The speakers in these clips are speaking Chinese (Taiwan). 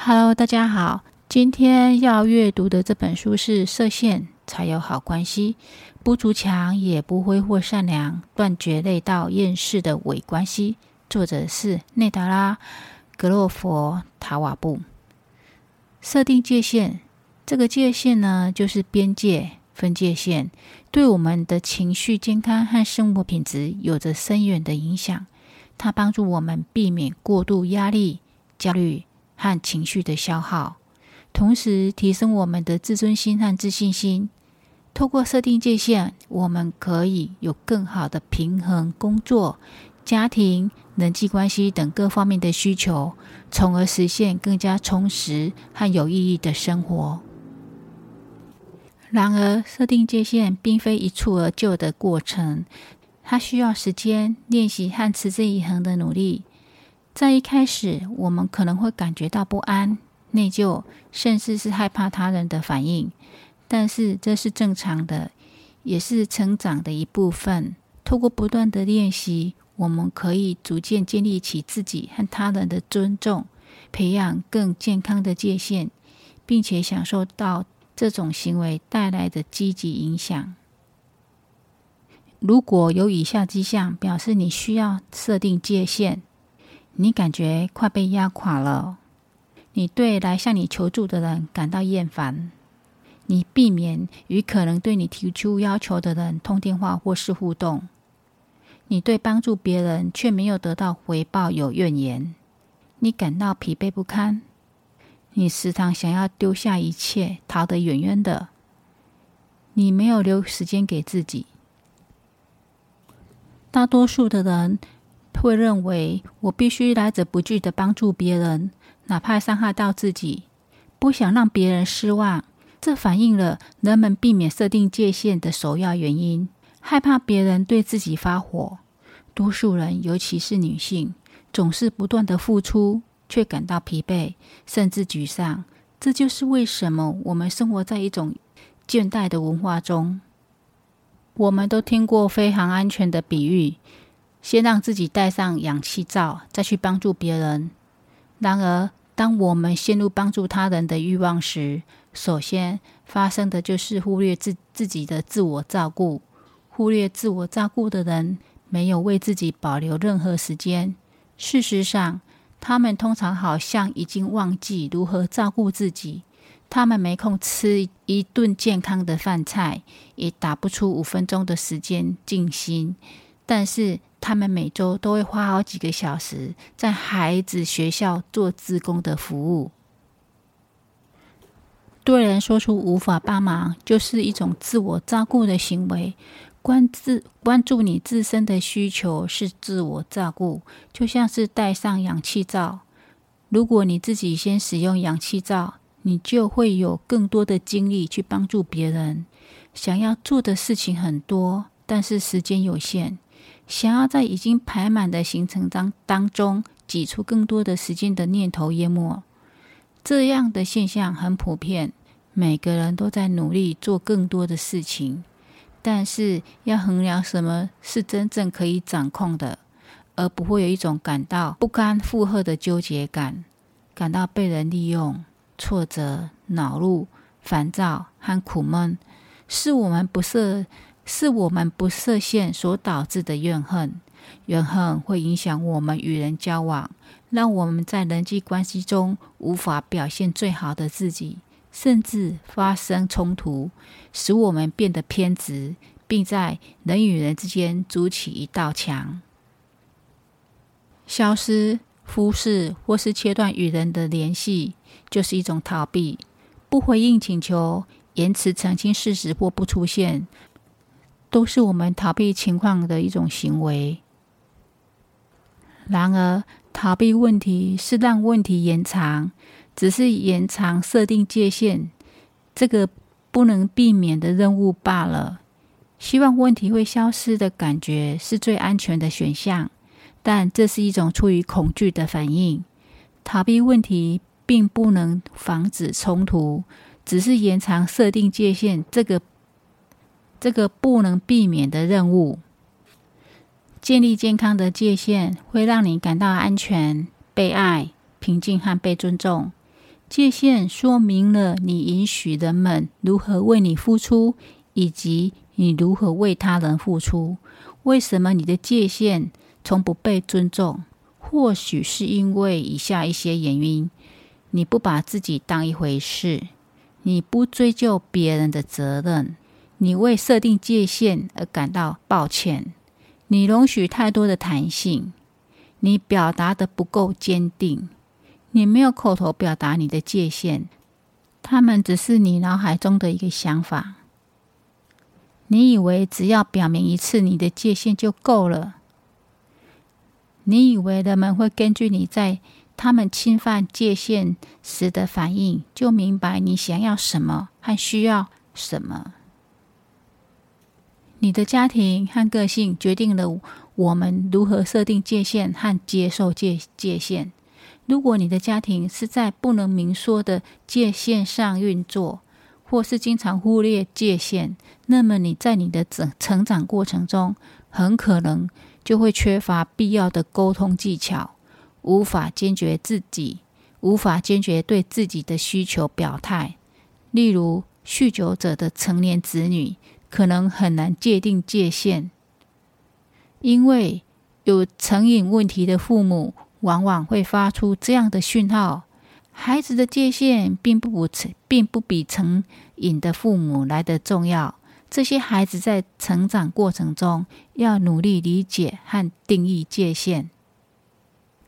Hello，大家好。今天要閱讀的這本書是《設限才有好關係》，不築牆，也不揮霍善良，斷絕累到厭世的偽關係。作者是內達拉格洛弗塔瓦布。設定界限，這個界限呢，就是邊界、分界線，對我們的情緒健康和生活品質有着深遠的影響。它幫助我們避免過度壓力、焦慮。和情緒的消耗，同時提升我們的自尊心和自信心。透過設定界限，我們可以有更好的平衡工作、家庭、人際關係等各方面的需求，從而實現更加充實和有意義的生活。然而，設定界限並非一蹴而就的過程，它需要時間、練習和持之以恆的努力。在一開始，我們可能會感覺到不安、內疚，甚至是害怕他人的反應。但是這是正常的，也是成長的一部分。通過不斷的練習，我們可以逐漸建立起自己和他人的尊重，培養更健康的界限，並且享受到這種行為帶來的積極影響。如果有以下跡象，表示你需要設定界限。你感覺快被壓垮了，你對來向你求助的人感到厭煩，你避免與可能對你提出要求的人通電話或是互動，你對幫助別人卻沒有得到回報有怨言，你感到疲憊不堪，你時常想要丟下一切，逃得遠遠的，你沒有留時間給自己。大多數的人。會認為我必須來者不拒地幫助別人，哪怕傷害到自己，不想讓別人失望。這反映了人們避免設定界限的首要原因：害怕別人對自己發火。多數人，尤其是女性，總是不斷地付出，卻感到疲憊，甚至沮喪。這就是為什麼我們生活在一種倦怠的文化中。我們都聽過“飛行安全”的比喻。先讓自己戴上氧氣罩，再去幫助別人。然而，當我們陷入幫助他人的欲望時，首先發生的就是忽略自自己的自我照顧。忽略自我照顧的人，沒有為自己保留任何時間。事實上，他們通常好像已經忘記如何照顧自己。他們沒空吃一頓健康的飯菜，也打不出五分鐘的時間靜心。但是，他們每周都會花好幾個小時在孩子學校做志工的服務。對人說出無法幫忙，就是一種自我照顧的行為。關注關注你自身的需求是自我照顧，就像是戴上氧氣罩。如果你自己先使用氧氣罩，你就會有更多的精力去幫助別人。想要做的事情很多，但是時間有限。想要在已經排滿的行程當當中擠出更多的時間的念頭淹沒，這樣的現象很普遍，每個人都在努力做更多的事情，但是要衡量什麼是真正可以掌控的，而不會有一種感到不堪負荷的糾結感，感到被人利用、挫折、惱怒、煩、煩躁和苦悶，是我們不設。是我們不設限所導致的怨恨，怨恨會影響我們與人交往，讓我們在人際關係中無法表現最好的自己，甚至發生衝突，使我們變得偏執，並在人與人之間築起一道牆。消失、忽視或是切斷與人的聯繫，就是一種逃避；不回應請求、延遲澄清事實或不出現。都是我們逃避情況的一種行為。然而，逃避問題是讓問題延長，只是延長設定界限這個不能避免的任務罷了。希望問題會消失的感覺是最安全的選項，但這是一種出於恐懼的反應。逃避問題並不能防止衝突，只是延長設定界限這個。這個不能避免的任務，建立健康的界限，會讓你感到安全、被愛、平靜和被尊重。界限說明了你允許人們如何為你付出，以及你如何為他人付出。為什麼你的界限從不被尊重？或許是因為以下一些原因：你不把自己當一回事，你不追究別人的責任。你為設定界限而感到抱歉，你容許太多的彈性，你表達的不夠堅定，你沒有口頭表達你的界限，他們只是你腦海中的一個想法。你以為只要表明一次你的界限就夠了，你以為人們會根據你在他們侵犯界限時的反應就明白你想要什麼和需要什麼。你的家庭和個性決定了我們如何設定界限和接受界界限。如果你的家庭是在不能明說的界限上運作，或是經常忽略界限，那麼你在你的整成長過程中，很可能就會缺乏必要的溝通技巧，無法堅決自己，無法堅決對自己的需求表態。例如，酗酒者的成年子女。可能很難界定界限，因為有成癮問題的父母往往會發出這樣的訊號：孩子的界限並不比並不比成癮的父母來得重要。這些孩子在成長過程中要努力理解和定義界限。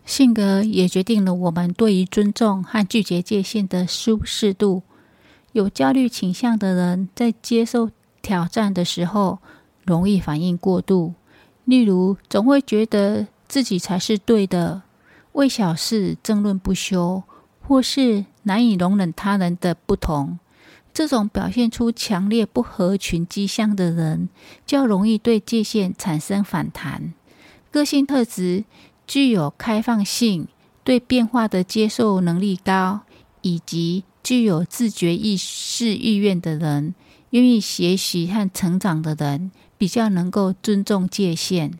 性格也決定了我們對於尊重和拒絕界限的舒適度。有焦慮傾向的人在接受。挑戰的時候，容易反應過度，例如總會覺得自己才是對的，為小事爭論不休，或是難以容忍他人的不同。這種表現出強烈不合群跡象的人，較容易對界限產生反彈。個性特質具有開放性，對變化的接受能力高，以及具有自覺意識意願的人。願意學習和成長的人，比較能夠尊重界限。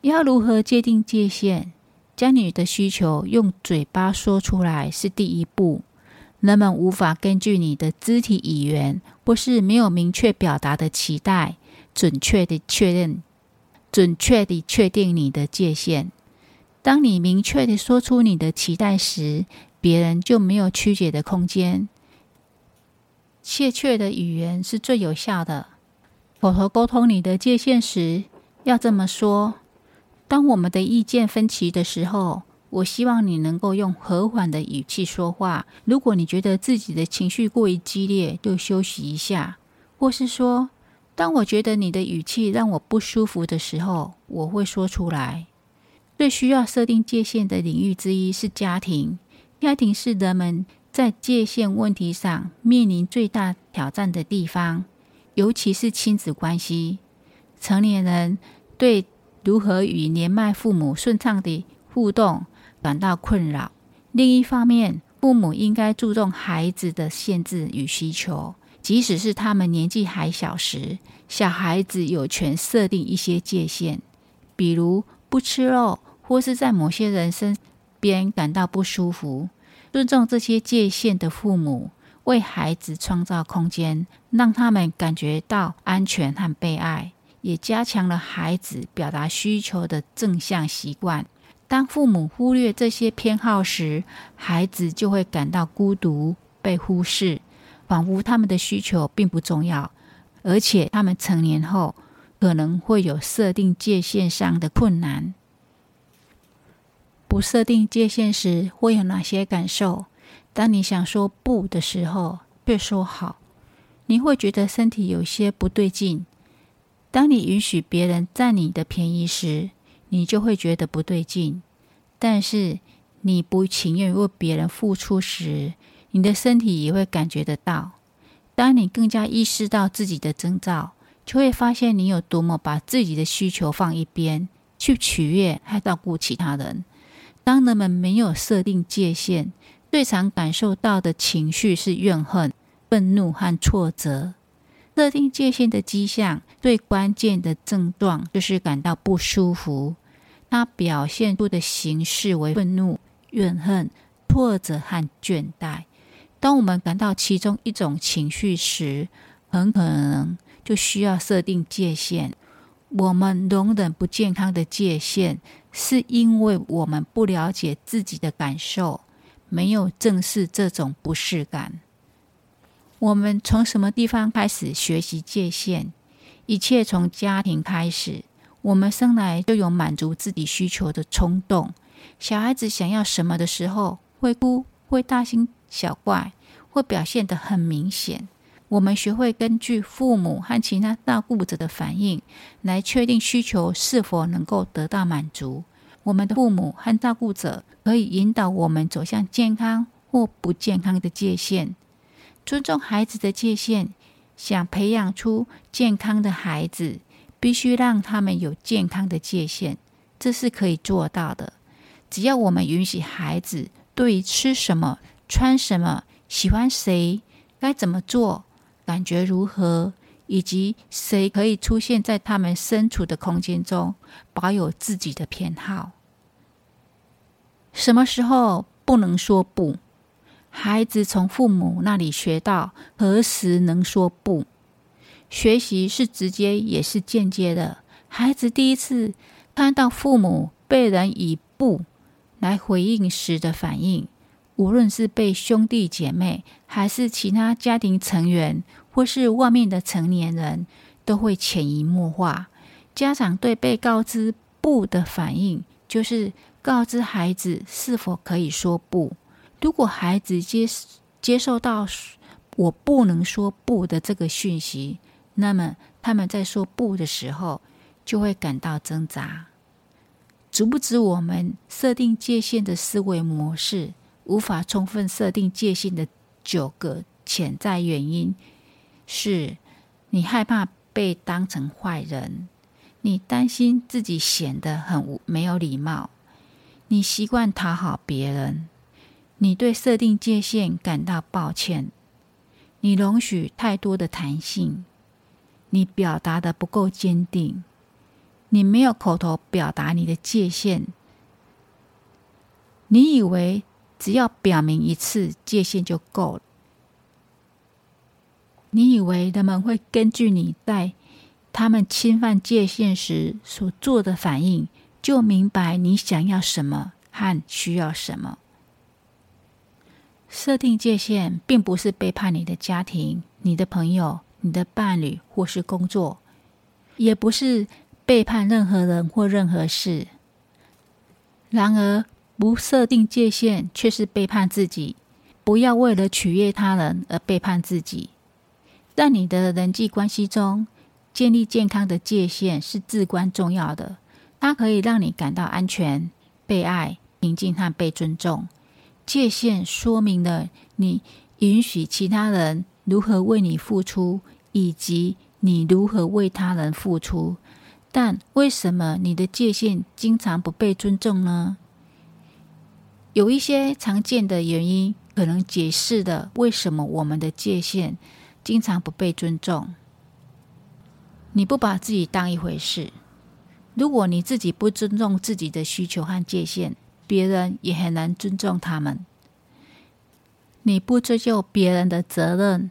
要如何界定界限？將你的需求用嘴巴說出來是第一步。人們無法根據你的肢體語言或是沒有明確表達的期待，準確的確認、準確的確定你的界限。當你明確的說出你的期待時，別人就沒有曲解的空間。切切的語言是最有效的。口頭溝通你的界限時，要這麼說：當我們的意見分歧的時候，我希望你能夠用和緩的語氣說話。如果你覺得自己的情緒過於激烈，就休息一下，或是說：當我覺得你的語氣讓我不舒服的時候，我會說出來。最需要設定界限的領域之一是家庭。家庭是人們在界限問題上面臨最大挑戰的地方，尤其是親子關係。成年人對如何與年邁父母順暢的互動感到困擾。另一方面，父母應該注重孩子的限制與需求，即使是他們年紀還小時，小孩子有權設定一些界限，比如不吃肉，或是在某些人身邊感到不舒服。尊重這些界限的父母，為孩子創造空間，讓他們感覺到安全和被愛，也加強了孩子表達需求的正向習慣。當父母忽略這些偏好時，孩子就會感到孤獨、被忽視，仿佛他們的需求並不重要，而且他們成年後可能會有設定界限上的困難。不設定界限時，會有哪些感受？當你想說不的時候，別說好，你會覺得身體有些不對勁。當你允許別人佔你的便宜時，你就會覺得不對勁。但是你不情願為別人付出時，你的身體也會感覺得到。當你更加意識到自己的徵兆，就會發現你有多麼把自己的需求放一邊，去取悅和照顧其他人。當人們沒有設定界限，最常感受到的情緒是怨恨、憤怒和挫折。設定界限的跡象，最關鍵的症狀就是感到不舒服，它表現出的形式為憤怒、怨恨、挫折和倦怠。當我們感到其中一種情緒時，很可能就需要設定界限。我們容忍不健康的界限，是因為我們不了解自己的感受，沒有正視這種不適感。我們從什麼地方開始學習界限？一切從家庭開始。我們生來就有滿足自己需求的衝動。小孩子想要什麼的時候，會哭，會大驚小怪，會表現得很明顯。我們學會根據父母和其他照顧者的反應來確定需求是否能夠得到滿足。我們的父母和照顧者可以引導我們走向健康或不健康的界限。尊重孩子的界限，想培養出健康的孩子，必須讓他們有健康的界限。這是可以做到的，只要我們允許孩子對於吃什麼、穿什麼、喜歡誰、該怎麼做，感覺如何，以及誰可以出現在他們身處的空間中，保有自己的偏好。什麼時候不能說不？孩子從父母那裡學到何時能說不？學習是直接也是間接的。孩子第一次看到父母被人以“不”來回應時的反應。無論是被兄弟姐妹，還是其他家庭成員，或是外面的成年人，都會潛移默化。家長對被告知“不”的反應，就是告知孩子是否可以說“不”。如果孩子接接受到“我不能說不”的這個訊息，那麼他們在說“不”的時候，就會感到掙扎。值不值我們設定界限的思維模式。無法充分設定界限的九個潛在原因，是你害怕被當成壞人，你擔心自己顯得很無沒有禮貌，你習慣討好別人，你對設定界限感到抱歉，你容許太多的彈性，你表達得不夠堅定，你沒有口頭表達你的界限，你以為，只要表明一次界限就夠了。你以為他們會根據你在他們侵犯界限時所做的反應，就明白你想要什麼和需要什麼。設定界限並不是背叛你的家庭、你的朋友、你的伴侶或是工作，也不是背叛任何人或任何事。然而，不設定界限，卻是背叛自己。不要為了取悅他人而背叛自己。在你的人際關係中，建立健康的界限是至關重要的。它可以讓你感到安全、被愛、平靜和被尊重。界限說明了你允許其他人如何為你付出，以及你如何為他人付出。但為什麼你的界限經常不被尊重呢？有一些常見的原因，可能解釋了為什麼我們的界限經常不被尊重。你不把自己當一回事，如果你自己不尊重自己的需求和界限，別人也很難尊重他們。你不追究別人的責任，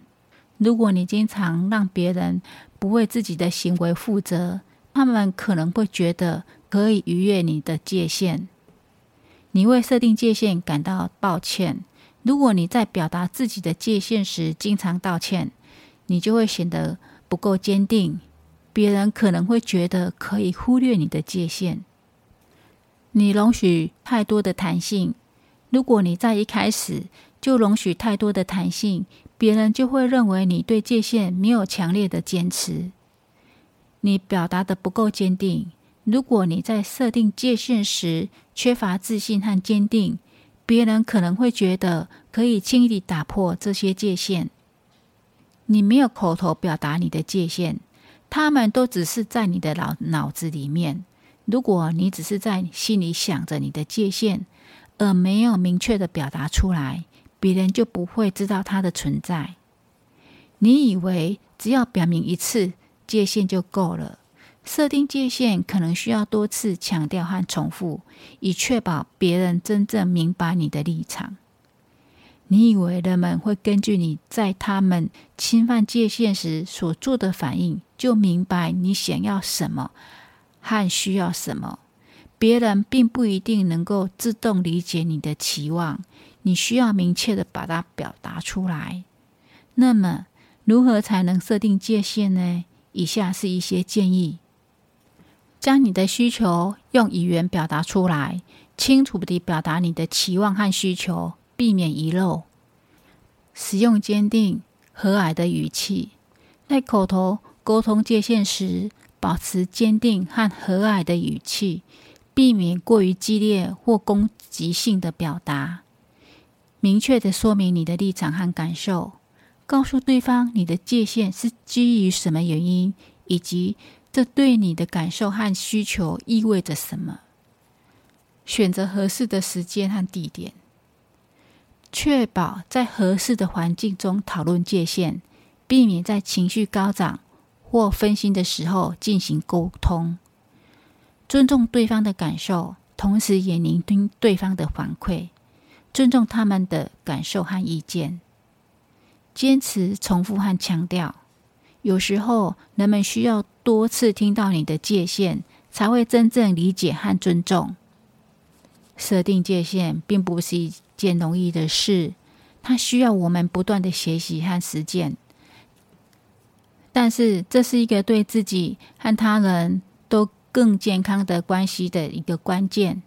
如果你經常讓別人不為自己的行為負責，他們可能會覺得可以逾越你的界限。你為設定界限感到抱歉。如果你在表達自己的界限時經常道歉，你就會顯得不夠堅定，別人可能會覺得可以忽略你的界限。你容許太多的彈性。如果你在一開始就容許太多的彈性，別人就會認為你對界限沒有強烈的堅持。你表達得不夠堅定。如果你在設定界限時缺乏自信和堅定，別人可能會覺得可以輕易地打破這些界限。你沒有口頭表達你的界限，他們都只是在你的腦腦子裡面。如果你只是在心裡想着你的界限，而沒有明確地表達出來，別人就不會知道它的存在。你以為只要表明一次，界限就夠了。設定界限可能需要多次強調和重複，以確保別人真正明白你的立場。你以為人們會根據你在他們侵犯界限時所做的反應，就明白你想要什麼和需要什麼。別人並不一定能夠自動理解你的期望，你需要明確地把它表達出來。那麼，如何才能設定界限呢？以下是一些建議。將你的需求用語言表達出來，清楚地表達你的期望和需求，避免遺漏。使用堅定、和藹的語氣，在口頭溝通界限時，保持堅定和和藹的語氣，避免過於激烈或攻擊性的表達。明確地說明你的立場和感受，告訴對方你的界限是基於什麼原因，以及。這對你的感受和需求意味着什麼？選擇合適的時間和地點，確保在合適的環境中討論界限，避免在情緒高漲或分心的時候進行溝通。尊重對方的感受，同時也聆聽對方的反饋，尊重他們的感受和意見。堅持重複和強調，有時候人們需要。多次聽到你的界限，才會真正理解和尊重。設定界限並不是一件容易的事，它需要我們不斷的學習和實踐。但是，這是一個對自己和他人都更健康的關係的一個關鍵。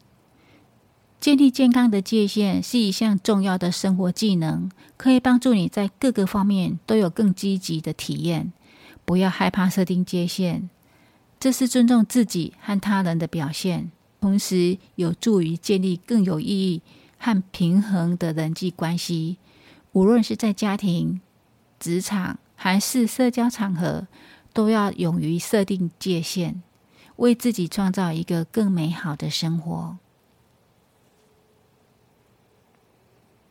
建立健康的界限是一項重要的生活技能，可以幫助你在各個方面都有更積極的體驗。不要害怕設定界限，這是尊重自己和他人的表現，同時有助於建立更有意義和平衡的人際關係。無論是在家庭、職場還是社交場合，都要勇於設定界限，為自己創造一個更美好的生活。